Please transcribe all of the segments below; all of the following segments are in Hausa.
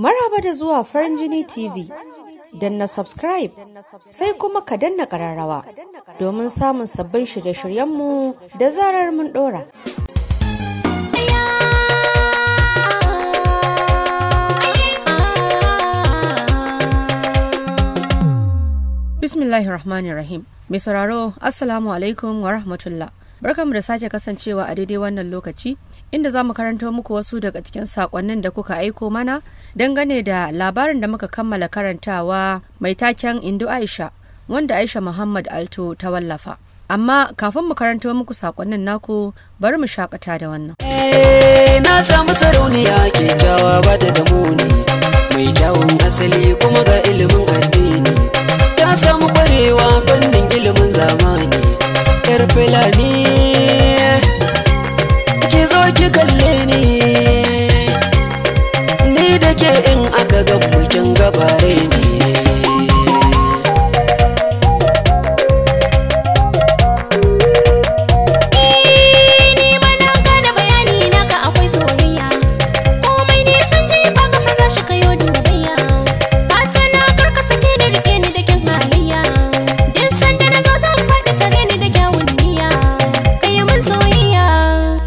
Maraba da zuwa farin jini TV. na subscribe sai kuma ka danna kararrawa domin samun sabbin shirye-shiryenmu da zarar mun ɗora. Bismillahirrahmanirrahim. Mai sauraro, Assalamu alaikum wa rahmatullah. mu da sake kasancewa a daidai wannan lokaci inda za mu karanto muku wasu daga cikin sakonnin da kuka aiko mana dangane da labarin da muka kammala karantawa mai taken Indo Aisha wanda Aisha Muhammad Alto ta wallafa. Amma kafin mu karanto muku sakonnin naku bari mu shakata da wannan. Eh, na samu sarauniya kyakkyawa ba da mai kyawun asali kuma ga ilimin addini ta samu kwarewa fannin ilimin zamani yar filani ki zo ki kalle ni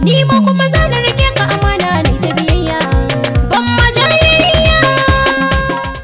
ni ma kuma za rike ka amana ban ma jayayya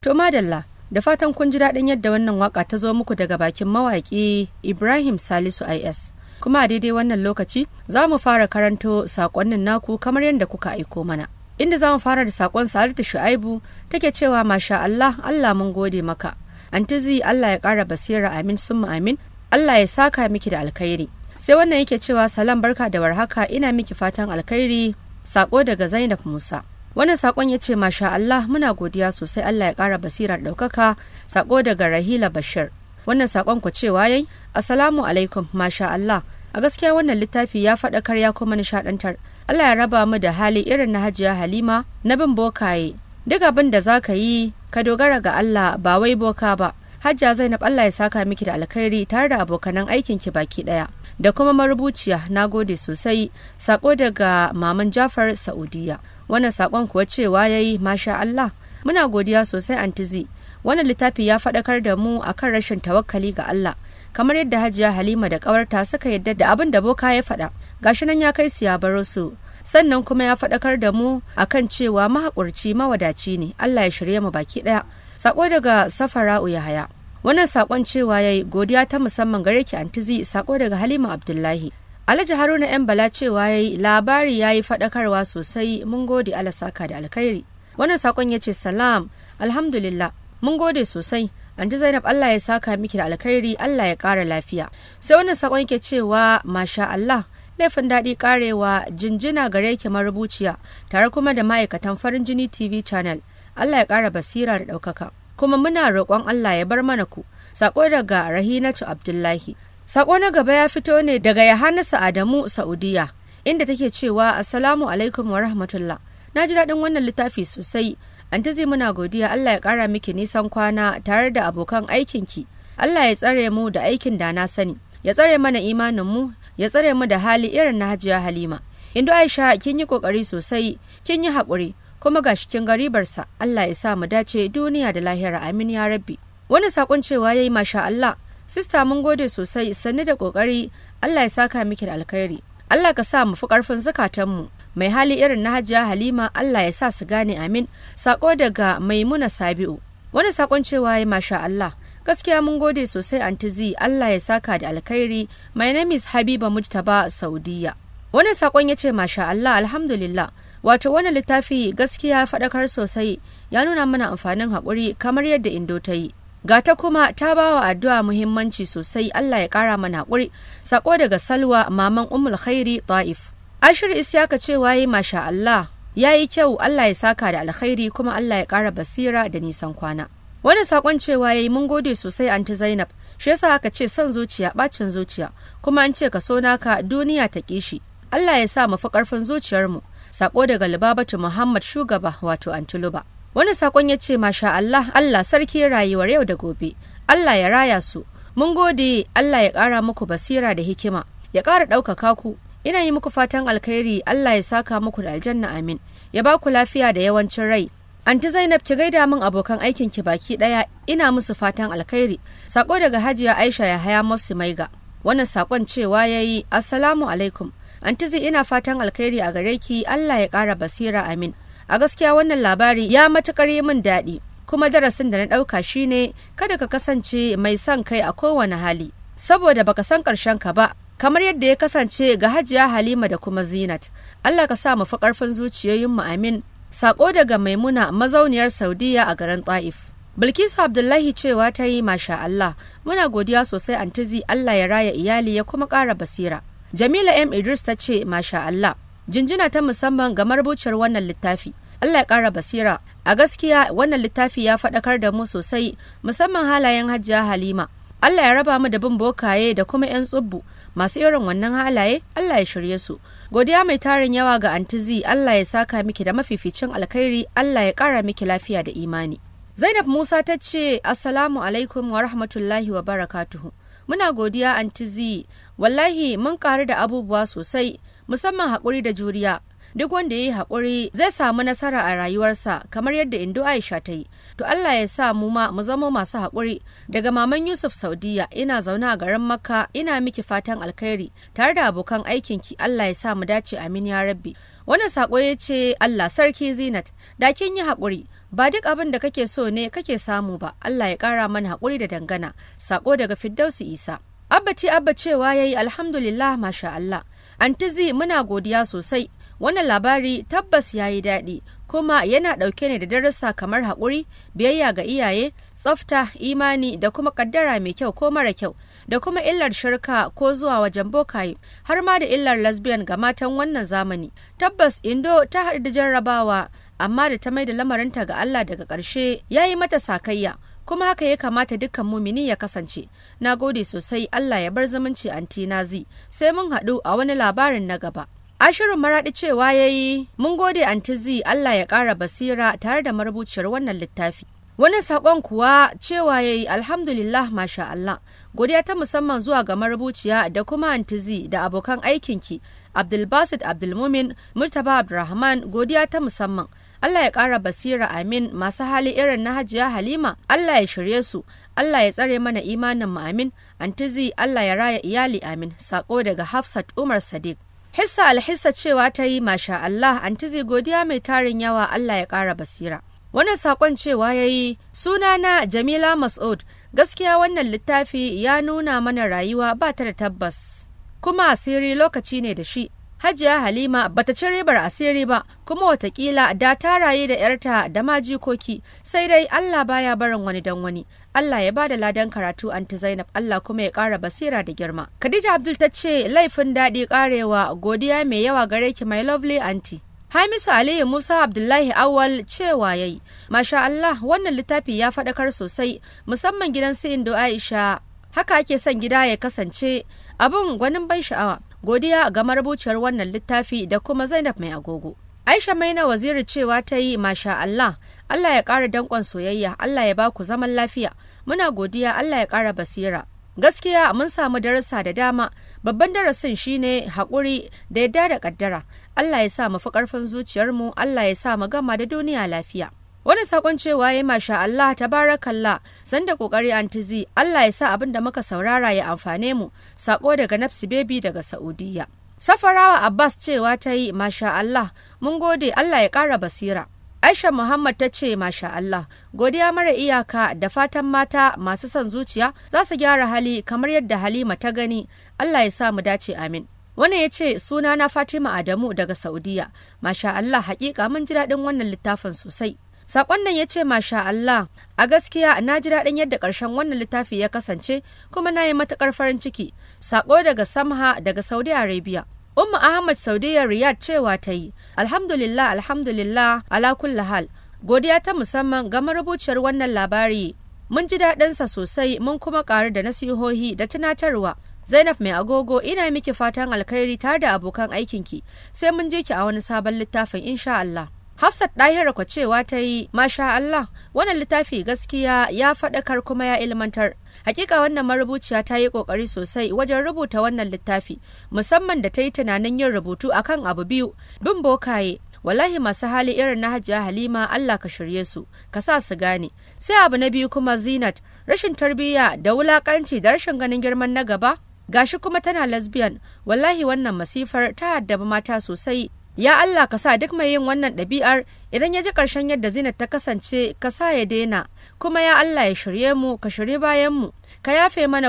to madalla da fatan kun ji daɗin yadda wannan waka ta zo muku daga bakin mawaƙi Ibrahim Salisu IS kuma a daidai wannan lokaci za mu fara karanto saƙonnin naku kamar yadda kuka aiko mana inda za mu fara da saƙon Salisu Shu'aibu take cewa masha Allah Allah mun gode maka antizi Allah ya ƙara basira amin summa amin Allah ya saka miki da alkhairi sai wannan yake cewa salam barka da warhaka ina miki fatan alkhairi sako daga zainab musa wannan sakon ya ce masha allah muna godiya sosai allah ya kara basirar ɗaukaka sako daga rahila bashir wannan sakon ku cewa yai assalamu alaikum masha allah a gaskiya wannan littafi ya faɗakar ya kuma nishaɗantar allah ya raba mu da hali irin na hajiya halima na bin bokaye duk abin da za ka yi ka dogara ga allah ba wai boka ba hajja zainab allah ya saka miki da alkhairi tare da abokanan aikinki baki ɗaya da kuma marubuciya na gode sosai sako daga maman jafar saudiya wannan sakon kuwa cewa ya yi masha allah muna godiya sosai antizi wannan littafi ya faɗakar da mu akan rashin tawakkali ga allah kamar yadda hajiya halima da ƙawarta suka yadda da abin da boka ya faɗa gashi nan ya kai su ya baro su sannan kuma ya faɗakar da mu akan cewa mahaƙurci mawadaci ne allah ya shirya mu baki ɗaya sako daga safara'u yahaya wannan sakon cewa yayi godiya ta musamman gare ki antizi sako daga halima abdullahi alhaji haruna yan bala cewa yayi labari yayi faɗakarwa sosai mun gode ala saka da alkhairi wannan sakon ya ce salam alhamdulillah mun gode sosai anti zainab allah ya saka miki da alkhairi allah ya kara lafiya sai wannan sakon yake cewa masha allah laifin daɗi karewa jinjina gare ki marubuciya tare kuma da ma'aikatan farin jini tv channel allah ya kara basira da ɗaukaka kuma muna roƙon Allah ya bar mana ku. Sako daga Rahinatu Abdullahi. saƙo na gaba ya fito ne daga Yohannasa Adamu Saudiyya. inda take cewa Assalamu alaikum wa rahmatullah. Na ji daɗin wannan littafi sosai. Anta zai muna godiya Allah ya ƙara miki nisan kwana tare da abokan aikinki. Allah ya tsare mu da aikin da na sani. Ya tsare mana imanin mu ya tsare mu da hali irin na Hajiya Halima. Indu Aisha kin yi ƙoƙari sosai, kin yi haƙuri, kuma ga cikin garibarsa Allah ya sa mu dace duniya da lahira amin ya rabbi wani sakon cewa yayi masha Allah sista mun gode sosai sannu da kokari Allah ya saka miki da alkhairi Allah ka sa mu fi karfin mu mai hali irin na Hajiya Halima Allah ya sa su gane amin sako daga Maimuna Sabi'u wani sakon cewa yayi masha Allah gaskiya mun gode sosai antizi Allah ya saka da alkhairi my name is Habiba Mujtaba Saudiya wani sakon ya ce masha Allah alhamdulillah wato wani littafi gaskiya faɗakar sosai ya nuna mana amfanin haƙuri kamar yadda indo ta yi ga ta kuma ta ba wa addu'a muhimmanci sosai Allah ya ƙara mana haƙuri sako daga salwa maman umul khairi ta'if ashir isyaka cewa yi masha Allah ya yi kyau Allah ya saka da alkhairi kuma Allah ya ƙara basira da nisan kwana wani sakon cewa ya yi mun gode sosai anti Zainab shi yasa aka ce son zuciya bacin zuciya kuma an ce ka so naka duniya ta kishi Allah ya sa mu fi ƙarfin zuciyarmu Sako daga Libabatu Muhammad Shugaba wato Antuluba. Wani sakon ya ce masha Allah Allah sarki rayuwar yau da gobe. Allah ya raya su. Mun gode Allah ya ƙara muku basira da hikima. Ya ƙara ɗaukaka ku. Ina yi muku fatan alkhairi Allah ya saka muku da aljanna amin. Ya ba ku lafiya da yawancin rai. Anti Zainab ki gaida min abokan aikin ki baki ɗaya. ina musu fatan alkhairi. Sako daga Hajiya Aisha ya haya Musu Maiga. Wannan sakon cewa yayi Assalamu alaikum. antizi ina fatan alkhairi a gare ki Allah ya ƙara basira amin a gaskiya wannan labari ya matukar yi min daɗi kuma darasin da na ɗauka shine kada ka kasance mai son kai a kowane hali saboda baka san ƙarshen ka ba kamar yadda ya kasance ga hajiya halima da kuma zinat allah ka sa mu fi ƙarfin zuciyoyinmu amin sako daga maimuna mazauniyar saudiya a garin ta'if bilkisu abdullahi cewa ta yi masha allah muna godiya sosai antizi allah ya raya iyali ya kuma ƙara basira Jamila M Idris ta ce masha Allah jinjina ta musamman ga marubuciyar wannan littafi. Allah ya ƙara basira a gaskiya wannan littafi ya faɗakar da mu sosai musamman halayen hajjiya Halima. Allah ya raba mu da bin bokaye da kuma 'yan tsubbu masu irin wannan halaye Allah ya shirye su. Godiya mai tarin yawa ga Antizi Allah ya saka miki da mafificin alkhairi Allah ya ƙara miki lafiya da imani. Zainab Musa ta ce Assalamu alaikum wa rahmatullahi wa barakatuhu. Muna godiya Antizi wallahi mun karu da abubuwa sosai musamman haƙuri da juriya duk wanda ya yi haƙuri zai samu nasara a rayuwarsa kamar yadda indo aisha ta yi to allah ya sa mu ma mu zama masu haƙuri daga maman yusuf saudiya ina zaune a garin makka ina miki fatan alkhairi tare da abokan aikinki allah ya sa mu dace amin ya rabbi wannan saƙo ya ce allah sarki zinat da kin yi haƙuri ba duk abin da kake so ne kake samu ba allah ya ƙara mana haƙuri da dangana saƙo daga firdausi isa Abbaci abba cewa ya yi alhamdulillah masha Allah. Antizi muna godiya sosai. Wannan labari tabbas ya yi daɗi kuma yana ɗauke ne da darussa kamar haƙuri, biyayya ga iyaye, tsafta, imani da kuma ƙaddara mai kyau ko mara kyau, da kuma illar shirka ko zuwa wajen bokaye, har ma da illar lesbian ga matan wannan zamani. Tabbas Indo ta haɗu da jarrabawa, amma da ta mai da lamarinta ga Allah daga ƙarshe ya yi mata sakayya. kuma haka ya kamata dukkan mumini ya kasance na gode sosai allah ya bar zumunci anti nazi sai mun haɗu a wani labarin na gaba ashirin maraɗi cewa ya yi mun gode anti zi allah ya ƙara basira tare da marubuciyar wannan littafi wani saƙon kuwa cewa ya yi alhamdulillah masha allah godiya ta musamman zuwa ga marubuciya da kuma anti antizi da abokan aikinki abdulbasit abdulmumin murtaba abdulrahman godiya ta musamman Allah ya ƙara basira amin masu hali irin na hajiya halima Allah ya shirye su Allah ya tsare mana imanin mu amin antizi Allah ya raya iyali amin sako daga Hafsat Umar Sadiq Hissa alhissa cewa ta yi masha Allah antizi godiya mai tarin yawa Allah ya ƙara basira wannan sakon cewa ya yi na Jamila Mas'ud gaskiya wannan littafi ya nuna mana rayuwa ba ta da tabbas kuma asiri lokaci ne da shi Hajiya Halima bata ci ribar asiri ba kuma watakila da ta raye da ‘yarta da ma jikoki sai dai Allah baya barin wani dan wani. Allah ya bada ladan karatu anti Zainab Allah kuma ya ƙara basira da girma. Khadija Abdul ta ce laifin daɗi ƙarewa godiya mai yawa gare ki my lovely anti. Hamisu Aliyu Musa Abdullahi Awal cewa yayi. Masha Allah wannan littafi ya faɗakar sosai musamman gidan su Indo Aisha. Haka ake son gida ya kasance Abun gwanin ban sha'awa. godiya ga marubuciyar wannan littafi da kuma zainab mai agogo aisha na waziri cewa ta yi masha allah allah ya ƙara danƙon soyayya allah ya baku zaman lafiya muna godiya allah ya ƙara basira gaskiya mun samu darasa da dama babban darasin shine haƙuri da yadda da ƙaddara allah ya sa mu fi ƙarfin zuciyarmu allah ya sa mu gama da duniya lafiya wani sakon cewa ya masha Allah ta tabarakallah san da kokari antizi Allah ya sa abin da muka saurara ya amfane mu sako daga nafsi bebi daga Saudiya Safarawa Abbas cewa ta yi masha Allah mun gode Allah ya ƙara basira Aisha Muhammad ta ce masha Allah godiya mara iyaka da fatan mata masu son zuciya za su gyara hali kamar yadda Halima ta gani Allah ya sa mu dace amin wani ya ce suna na Fatima Adamu daga Saudiya. Masha Allah hakika mun ji daɗin wannan littafin sosai. Sakon nan ya ce masha Allah a gaskiya na ji daɗin yadda ƙarshen wannan littafi ya kasance kuma na yi matuƙar farin ciki. Sako daga Samha daga Saudi Arabia. Umma Ahmad Saudiya Riyadh cewa ta yi alhamdulillah alhamdulillah ala kulli hal godiya ta musamman ga marubuciyar wannan labari mun ji daɗinsa sosai mun kuma ƙaru da nasihohi da tunatarwa Zainab mai agogo ina miki fatan alkhairi tare da abokan aikinki sai mun je ki a wani sabon littafin insha Allah. Hafsat Dahira ku cewa ta yi masha Allah wannan littafi gaskiya ya faɗakar kuma ya ilmantar. Hakika wannan marubuciya ta yi ƙoƙari sosai wajen rubuta wannan littafi musamman da ta yi tunanin yin rubutu akan abu biyu bin bokaye wallahi masu hali irin na hajiya halima Allah ka shirye su ka sa su gane sai abu na biyu kuma zinat rashin tarbiyya da wulaƙanci da rashin ganin girman na gaba gashi kuma tana lesbian wallahi wannan masifar ta addabi mata sosai ya Allah ka sa duk mai yin wannan ɗabi'ar idan ya ji ƙarshen yadda zina ta kasance ka sa ya daina kuma ya Allah ya shirye mu ka shirye bayan mu ka yafe mana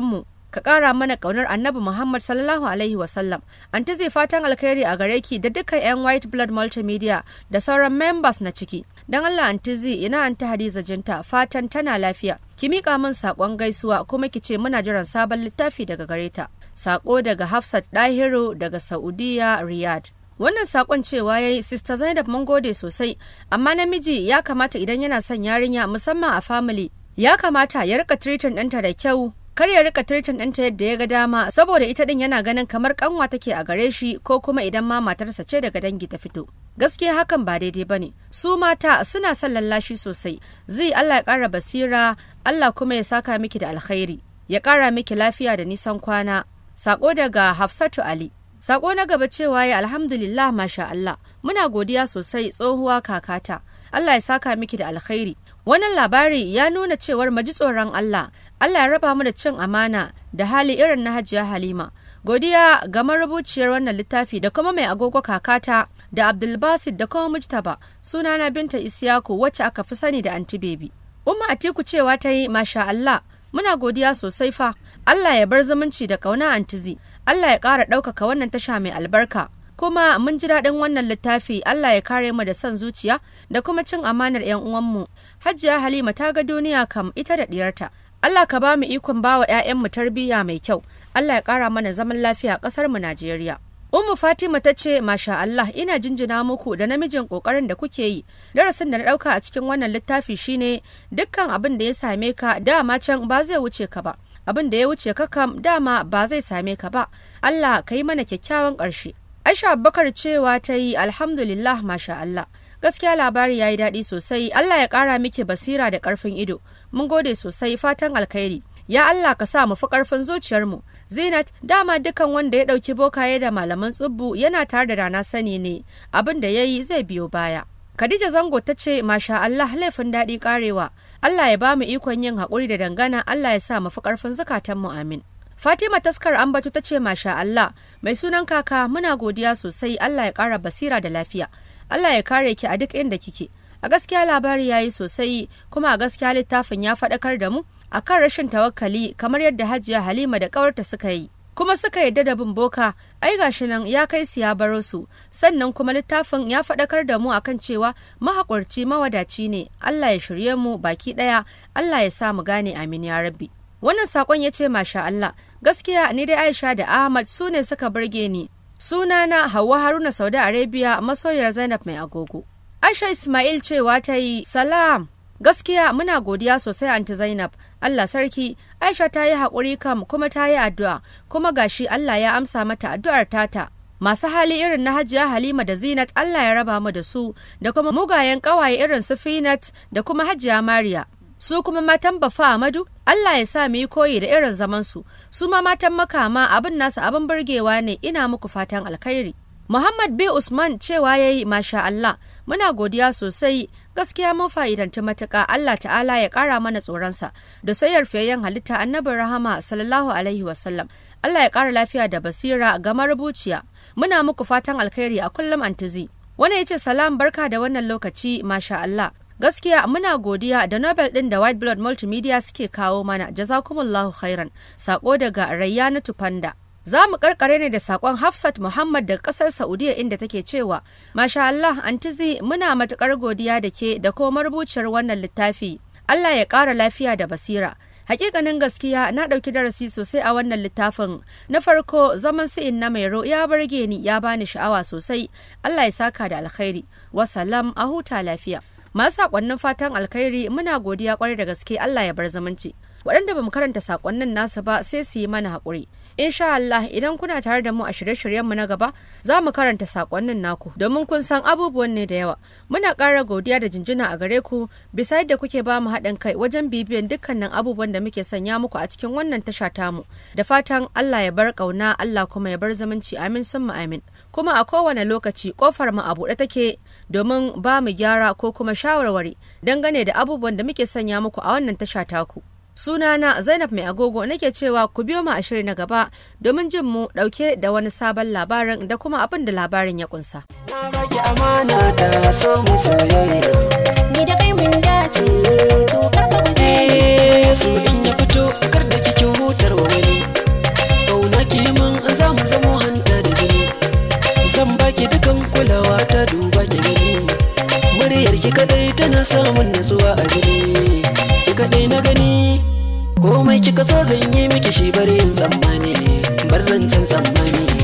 mu ka ƙara mana ƙaunar annabi Muhammad sallallahu alaihi wasallam zai fatan alkhairi a gare ki da dukkan 'yan white blood multimedia da sauran members na ciki dan Allah anti zai ina anti hadiza jinta fatan tana lafiya ki mika min sakon gaisuwa kuma ki ce muna jiran sabon littafi daga gareta ta saƙo daga Hafsat Dahiru daga Saudiya Riyadh wannan sakon cewa ya yi sista zainab mun gode sosai amma namiji ya kamata idan yana son yarinya musamman a family ya kamata ya rika tiritin ɗanta da kyau kar ya rika tiritin ɗanta yadda ya ga dama saboda ita ɗin yana ganin kamar kanwa take a gare shi ko kuma idan ma matarsa ce daga dangi ta fito gaskiya hakan ba daidai ba ne su mata suna son lallashi sosai zai allah ya kara basira allah kuma ya saka miki da alkhairi ya kara miki lafiya da nisan kwana sako daga hafsatu ali Sako na gaba cewa ya alhamdulillah masha Allah muna godiya sosai tsohuwa kakata Allah ya saka miki da alkhairi wannan labari ya nuna cewar maji tsoron Allah Allah ya raba mu da cin amana da hali irin na Hajiya Halima godiya ga marubuciyar wannan littafi da kuma mai agogo kakata da Abdulbasid da kuma Mujtaba suna na Binta Isiyaku wacce aka fi sani da Anti Baby Umma Atiku cewa ta yi masha Allah muna godiya sosai fa Allah ya bar zumunci da kauna antizi Allah ya ƙara ɗaukaka wannan tasha mai albarka. Kuma mun ji daɗin wannan littafi Allah ya kare mu da son zuciya da kuma cin amanar 'yan uwanmu. Hajiya Halima ta ga duniya kam ita da ɗiyarta. Allah ka ba mu ikon bawa 'ya'yanmu tarbiyya mai kyau. Allah ya ƙara mana zaman lafiya a ƙasar mu Najeriya. Ummu Fatima ta ce, Masha Allah, ina jinjina muku da namijin ƙoƙarin da kuke yi. Darasin da na ɗauka a cikin wannan littafi shine dukkan abin da ya same ka dama can ba zai wuce ka ba. abin da ya wuce ka kam dama ba zai same ka ba Allah ka yi mana kyakkyawan ƙarshe Aisha Abubakar cewa ta yi alhamdulillah masha Allah gaskiya labari ya yi daɗi sosai Allah ya ƙara miki basira da ƙarfin ido mun gode sosai fatan alkhairi ya Allah ka sa mu fi ƙarfin zuciyarmu Zinat dama dukan wanda ya ɗauki bokaye da malaman tsubbu yana tare da rana sani ne abin da ya yi zai biyo baya Khadija Zango ta ce masha Allah laifin daɗi ƙarewa Allah ya ba mu ikon yin haƙuri da dangana Allah ya sa mu fi ƙarfin zukatanmu amin. Fatima taskar ambatu ta ce masha Allah mai sunan kaka muna godiya sosai Allah ya ƙara basira da lafiya. Allah ya kare ki a duk inda kike. A gaskiya labari ya yi sosai kuma a gaskiya littafin ya faɗakar da mu akan rashin tawakkali kamar yadda Hajiya Halima da ƙawarta suka yi. kuma suka yadda da bin boka ai gashi nan ya kai su ya baro su sannan kuma littafin ya faɗakar da mu akan cewa mahaƙurci mawadaci ne Allah ya shirye mu baki ɗaya Allah ya sa mu gane amin ya rabbi wannan sakon ya ce masha Allah gaskiya ni dai Aisha da Ahmad su ne suka burge ni Suna na Hauwa Haruna Saudi Arabia masoyar Zainab mai agogo Aisha Ismail cewa ta yi salam gaskiya muna godiya sosai anti zainab allah sarki aisha ta yi haƙuri kam kuma ta yi addu'a kuma gashi allah ya amsa mata addu'ar tata masu hali irin na hajiya halima da zinat allah ya raba mu da su da kuma mugayen ƙawaye irin su finat da kuma hajiya mariya su kuma matan bafa amadu allah ya sa mu yi koyi da irin zamansu su ma matan makama abin nasu abin burgewa ne ina muku fatan alkhairi Muhammad B. Usman cewa ya yi masha Allah muna godiya sosai gaskiya mun fa'idanci matuka Allah ta'ala ya kara mana tsoronsa da sayar fiyayyen halitta annabin rahama sallallahu alaihi wasallam Allah ya kara lafiya da basira ga marubuciya muna muku fatan alkhairi a kullum antizi wani ya ce salam barka da wannan lokaci masha Allah gaskiya muna godiya da nobel din da white blood multimedia suke kawo mana jazakumullahu khairan sako daga Rayyana tufanda. Za mu karkare ne da sakon Hafsat Muhammad daga kasar Saudiya inda take cewa, Masha Allah, Antizi muna matukar godiya da ke da kuma marubuciyar wannan littafi. Allah ya ƙara lafiya da basira. Hakikanin gaskiya na ɗauki darasi sosai a wannan littafin. Na farko zaman sa'in na Mairo ya barge ni ya bani sha'awa sosai. Allah ya saka da alkhairi. Wasalam a huta lafiya. Masu sakonnin fatan alkhairi muna godiya kwarai da gaske Allah ya bar zamanci. Waɗanda ba mu karanta sakonnin nasu ba sai su yi mana haƙuri. insha Allah idan kuna tare da mu a shirye-shiryenmu na gaba za mu karanta sakonnin naku domin kun san abubuwan ne da yawa muna ƙara godiya da jinjina a gare ku bisa yadda kuke ba mu haɗin kai wajen bibiyan dukkanin abubuwan da muke sanya muku a cikin wannan tasha tamu da fatan Allah ya bar ƙauna Allah kuma ya bar zumunci amin sun mu amin kuma a kowane lokaci kofar mu a buɗe take domin ba mu gyara ko kuma shawarwari dangane da abubuwan da muke sanya muku a wannan tasha taku. Sunana Zainab Mai Agogo nake cewa ku biyo mu a shiri na gaba domin jin mu ɗauke da wani sabon labarin da kuma abin da labarin ya kunsa. duba ki gani. kadai tana samun natsuwa a jini. kaɗai na gani komai kika so zan yi miki shi bari yin zamani bar zancen zamani